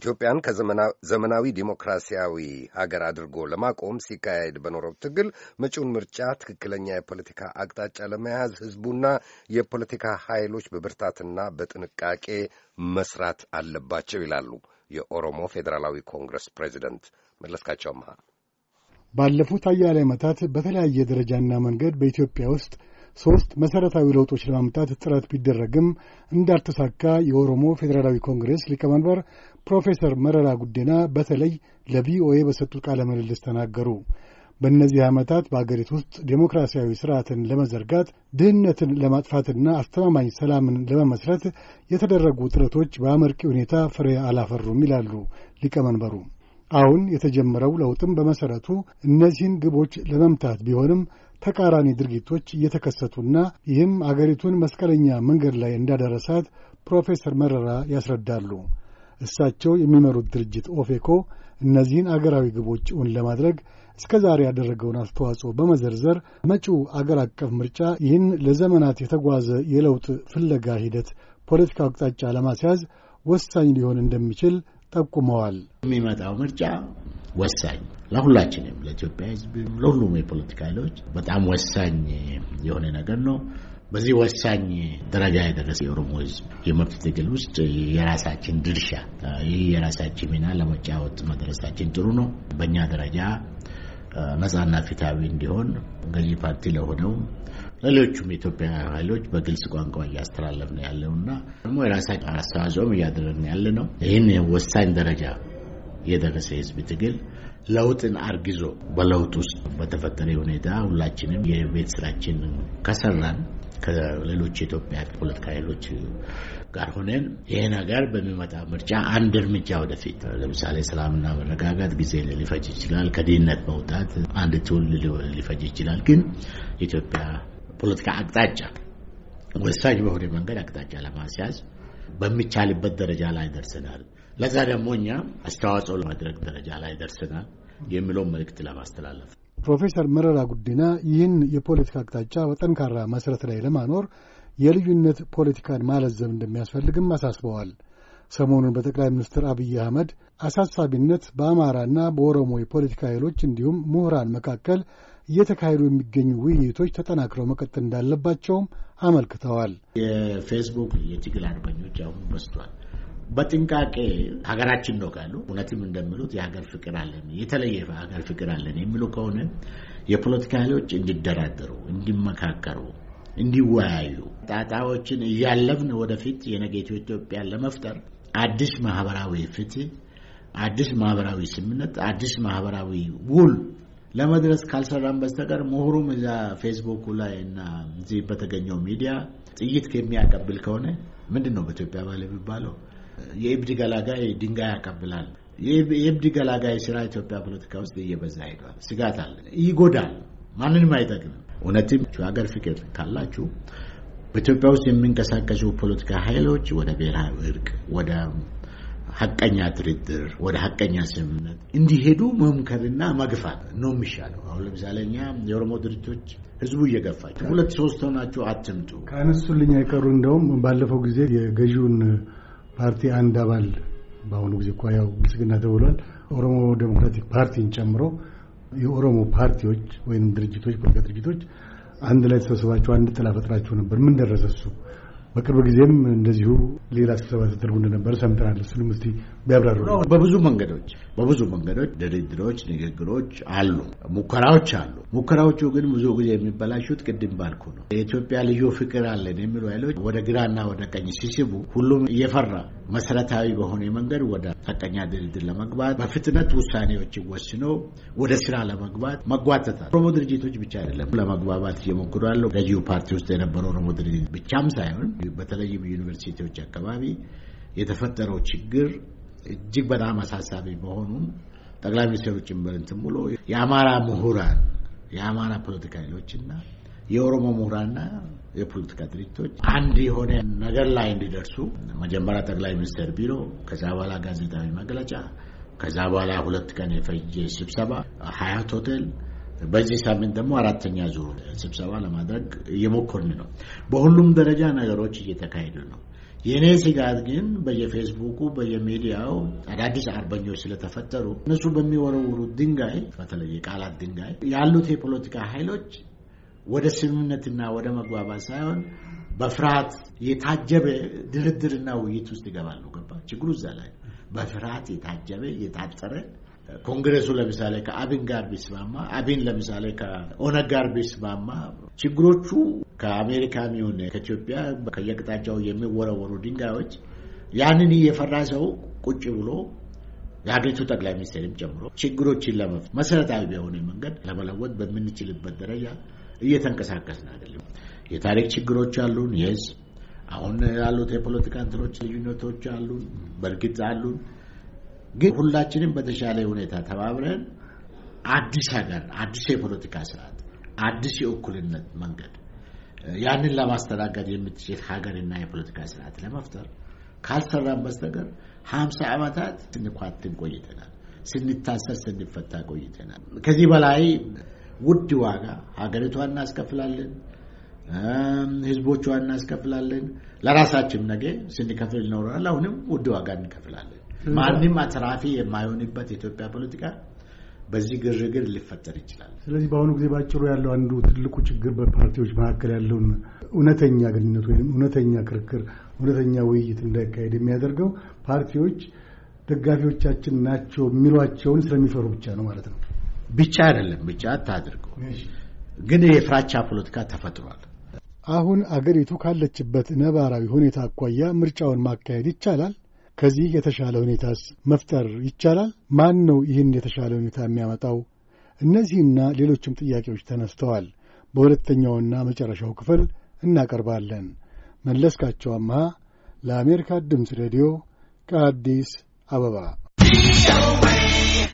ኢትዮጵያን ከዘመናዊ ዲሞክራሲያዊ ሀገር አድርጎ ለማቆም ሲካሄድ በኖረው ትግል መጪውን ምርጫ ትክክለኛ የፖለቲካ አቅጣጫ ለመያዝ ህዝቡና የፖለቲካ ኃይሎች በብርታትና በጥንቃቄ መስራት አለባቸው ይላሉ የኦሮሞ ፌዴራላዊ ኮንግረስ ፕሬዚደንት መለስካቸው አምሃ። ባለፉት አያሌ ዓመታት በተለያየ ደረጃና መንገድ በኢትዮጵያ ውስጥ ሦስት መሠረታዊ ለውጦች ለማምጣት ጥረት ቢደረግም እንዳልተሳካ የኦሮሞ ፌዴራላዊ ኮንግሬስ ሊቀመንበር ፕሮፌሰር መረራ ጉዲና በተለይ ለቪኦኤ በሰጡት ቃለ ምልልስ ተናገሩ። በእነዚህ ዓመታት በአገሪቱ ውስጥ ዴሞክራሲያዊ ስርዓትን ለመዘርጋት ድህነትን ለማጥፋትና አስተማማኝ ሰላምን ለመመስረት የተደረጉ ጥረቶች በአመርቂ ሁኔታ ፍሬ አላፈሩም ይላሉ ሊቀመንበሩ። አሁን የተጀመረው ለውጥም በመሠረቱ እነዚህን ግቦች ለመምታት ቢሆንም ተቃራኒ ድርጊቶች እየተከሰቱና ይህም አገሪቱን መስቀለኛ መንገድ ላይ እንዳደረሳት ፕሮፌሰር መረራ ያስረዳሉ። እሳቸው የሚመሩት ድርጅት ኦፌኮ እነዚህን አገራዊ ግቦች እውን ለማድረግ እስከ ዛሬ ያደረገውን አስተዋጽኦ በመዘርዘር መጪው አገር አቀፍ ምርጫ ይህን ለዘመናት የተጓዘ የለውጥ ፍለጋ ሂደት ፖለቲካ አቅጣጫ ለማስያዝ ወሳኝ ሊሆን እንደሚችል ጠቁመዋል። የሚመጣው ምርጫ ወሳኝ ለሁላችንም፣ ለኢትዮጵያ ሕዝብም፣ ለሁሉም የፖለቲካ ኃይሎች በጣም ወሳኝ የሆነ ነገር ነው። በዚህ ወሳኝ ደረጃ የደረሰ የኦሮሞ ህዝብ የመብት ትግል ውስጥ የራሳችን ድርሻ ይህ የራሳችን ሚና ለመጫወት መድረሳችን ጥሩ ነው። በእኛ ደረጃ ነጻና ፊታዊ እንዲሆን ገዢ ፓርቲ ለሆነው ሌሎቹም የኢትዮጵያ ኃይሎች በግልጽ ቋንቋ እያስተላለፍ ነው ያለው እና ደግሞ የራሳችን አስተዋጽኦም እያደረግን ያለ ነው። ይህን ወሳኝ ደረጃ የደረሰ የህዝብ ትግል ለውጥን አርግዞ በለውጥ ውስጥ በተፈጠረ ሁኔታ ሁላችንም የቤት ስራችን ከሰራን ከሌሎች የኢትዮጵያ ፖለቲካ ኃይሎች ጋር ሆነን ይሄ ነገር በሚመጣ ምርጫ አንድ እርምጃ ወደፊት ለምሳሌ ሰላምና መረጋጋት ጊዜ ሊፈጅ ይችላል። ከድህነት መውጣት አንድ ትውልድ ሊፈጅ ይችላል። ግን የኢትዮጵያ ፖለቲካ አቅጣጫ ወሳኝ በሆነ መንገድ አቅጣጫ ለማስያዝ በሚቻልበት ደረጃ ላይ ደርሰናል። ለዛ ደግሞ እኛ አስተዋጽኦ ለማድረግ ደረጃ ላይ ደርሰናል የሚለውን መልእክት ለማስተላለፍ ፕሮፌሰር መረራ ጉዲና ይህን የፖለቲካ አቅጣጫ በጠንካራ መሠረት ላይ ለማኖር የልዩነት ፖለቲካን ማለዘብ እንደሚያስፈልግም አሳስበዋል። ሰሞኑን በጠቅላይ ሚኒስትር አብይ አህመድ አሳሳቢነት በአማራና በኦሮሞ የፖለቲካ ኃይሎች እንዲሁም ምሁራን መካከል እየተካሄዱ የሚገኙ ውይይቶች ተጠናክረው መቀጠል እንዳለባቸውም አመልክተዋል። የፌስቡክ የትግል አርበኞች አሁን በስቷል። በጥንቃቄ ሀገራችን ነው ካሉ እውነትም እንደሚሉት የሀገር ፍቅር አለን የተለየ ሀገር ፍቅር አለን የሚሉ ከሆነ የፖለቲካ ኃይሎች እንዲደራደሩ፣ እንዲመካከሩ፣ እንዲወያዩ ጣጣዎችን እያለፍን ወደፊት የነገይቱ ኢትዮጵያ ለመፍጠር አዲስ ማህበራዊ ፍትህ፣ አዲስ ማህበራዊ ስምነት፣ አዲስ ማህበራዊ ውል ለመድረስ ካልሰራን በስተቀር ምሁሩም እዛ ፌስቡኩ ላይ እና እዚህ በተገኘው ሚዲያ ጥይት ከሚያቀብል ከሆነ ምንድን ነው በኢትዮጵያ ባለ የሚባለው? የኢብድ ገላጋይ ድንጋይ ያቀብላል። የኢብድ ገላጋይ ስራ ኢትዮጵያ ፖለቲካ ውስጥ እየበዛ ሄዷል። ስጋት አለ። ይጎዳል፣ ማንንም አይጠቅምም። እውነትም ሀገር ፍቅር ካላችሁ በኢትዮጵያ ውስጥ የሚንቀሳቀሱ ፖለቲካ ኃይሎች ወደ ብሔራዊ እርቅ፣ ወደ ሀቀኛ ድርድር፣ ወደ ሀቀኛ ስምምነት እንዲሄዱ መምከርና መግፋት ነው የሚሻለው። አሁን ለምሳሌ እኛ የኦሮሞ ድርጅቶች ህዝቡ እየገፋቸው ሁለት ሶስት ሆናችሁ አትምጡ ካነሱልኝ አይቀሩ እንደውም ባለፈው ጊዜ የገዢውን ፓርቲ አንድ አባል በአሁኑ ጊዜ እኳ ያው ብልጽግና ተብሏል። ኦሮሞ ዴሞክራቲክ ፓርቲን ጨምሮ የኦሮሞ ፓርቲዎች ወይም ድርጅቶች፣ ፖለቲካ ድርጅቶች አንድ ላይ ተሰብስባችሁ አንድ ጥላ ፈጥራችሁ ነበር። ምን ደረሰ እሱ? በቅርብ ጊዜም እንደዚሁ ሌላ ስብሰባ ተደርጎ እንደነበረ ሰምተናል። እሱንም እስቲ ቢያብራሩ። በብዙ መንገዶች በብዙ መንገዶች ድርድሮች፣ ንግግሮች አሉ፣ ሙከራዎች አሉ። ሙከራዎቹ ግን ብዙ ጊዜ የሚበላሹት ቅድም ባልኩ ነው። የኢትዮጵያ ልዩ ፍቅር አለን የሚሉ ኃይሎች ወደ ግራና ወደ ቀኝ ሲስቡ ሁሉም እየፈራ መሰረታዊ በሆነ መንገድ ወደ ፈቀኛ ድርድር ለመግባት በፍጥነት ውሳኔዎች ወስኖ ወደ ስራ ለመግባት መጓተታል። ኦሮሞ ድርጅቶች ብቻ አይደለም ለመግባባት እየሞክሩ ያለው ገዢው ፓርቲ ውስጥ የነበረው ኦሮሞ ድርጅት ብቻም ሳይሆን በተለይም ዩኒቨርሲቲዎች አካባቢ የተፈጠረው ችግር እጅግ በጣም አሳሳቢ መሆኑን ጠቅላይ ሚኒስትሩ ጭምር እንትን ብሎ የአማራ ምሁራን የአማራ ፖለቲካ ፖለቲከኞችና የኦሮሞ ምሁራንና የፖለቲካ ድርጅቶች አንድ የሆነ ነገር ላይ እንዲደርሱ መጀመሪያ ጠቅላይ ሚኒስትር ቢሮ፣ ከዛ በኋላ ጋዜጣዊ መግለጫ፣ ከዛ በኋላ ሁለት ቀን የፈጀ ስብሰባ ሀያት ሆቴል በዚህ ሳምንት ደግሞ አራተኛ ዙር ስብሰባ ለማድረግ እየሞከርን ነው። በሁሉም ደረጃ ነገሮች እየተካሄዱ ነው። የእኔ ስጋት ግን በየፌስቡኩ በየሚዲያው አዳዲስ አርበኞች ስለተፈጠሩ እነሱ በሚወረውሩ ድንጋይ፣ በተለይ የቃላት ድንጋይ ያሉት የፖለቲካ ኃይሎች ወደ ስምምነትና ወደ መግባባት ሳይሆን በፍርሃት የታጀበ ድርድርና ውይይት ውስጥ ይገባሉ። ገባ ችግሩ እዛ ላይ በፍርሃት የታጀበ የታጠረ ኮንግረሱ ለምሳሌ ከአብን ጋር ቢስማማ፣ አብን ለምሳሌ ከኦነግ ጋር ቢስማማ ችግሮቹ ከአሜሪካ ይሁን ከኢትዮጵያ ከየቅጣጫው የሚወረወሩ ድንጋዮች ያንን እየፈራ ሰው ቁጭ ብሎ የአገሪቱ ጠቅላይ ሚኒስትርም ጨምሮ ችግሮችን ለመፍታት መሰረታዊ በሆነ መንገድ ለመለወጥ በምንችልበት ደረጃ እየተንቀሳቀስን አይደለም። የታሪክ ችግሮች አሉን። የህዝብ አሁን ያሉት የፖለቲካ እንትኖች ልዩነቶች አሉን፣ በእርግጥ አሉን። ግን ሁላችንም በተሻለ ሁኔታ ተባብረን አዲስ ሀገር፣ አዲስ የፖለቲካ ስርዓት፣ አዲስ የእኩልነት መንገድ ያንን ለማስተናገድ የምትችል ሀገርና የፖለቲካ ስርዓት ለመፍጠር ካልሰራን በስተቀር ሀምሳ ዓመታት ስንኳትን ቆይተናል። ስንታሰር ስንፈታ ቆይተናል። ከዚህ በላይ ውድ ዋጋ ሀገሪቷን እናስከፍላለን፣ ህዝቦቿን እናስከፍላለን። ለራሳችን ነገ ስንከፍል ይኖረናል። አሁንም ውድ ዋጋ እንከፍላለን። ማንም አትራፊ የማይሆንበት የኢትዮጵያ ፖለቲካ በዚህ ግርግር ሊፈጠር ይችላል። ስለዚህ በአሁኑ ጊዜ ባጭሩ ያለው አንዱ ትልቁ ችግር በፓርቲዎች መካከል ያለውን እውነተኛ ግንኙነት ወይም እውነተኛ ክርክር፣ እውነተኛ ውይይት እንዳይካሄድ የሚያደርገው ፓርቲዎች ደጋፊዎቻችን ናቸው የሚሏቸውን ስለሚፈሩ ብቻ ነው ማለት ነው። ብቻ አይደለም ብቻ አታድርገው። ግን የፍራቻ ፖለቲካ ተፈጥሯል። አሁን አገሪቱ ካለችበት ነባራዊ ሁኔታ አኳያ ምርጫውን ማካሄድ ይቻላል? ከዚህ የተሻለ ሁኔታስ መፍጠር ይቻላል? ማን ነው ይህን የተሻለ ሁኔታ የሚያመጣው? እነዚህና ሌሎችም ጥያቄዎች ተነስተዋል። በሁለተኛውና መጨረሻው ክፍል እናቀርባለን። መለስካቸው አምሃ ለአሜሪካ ድምፅ ሬዲዮ ከአዲስ አበባ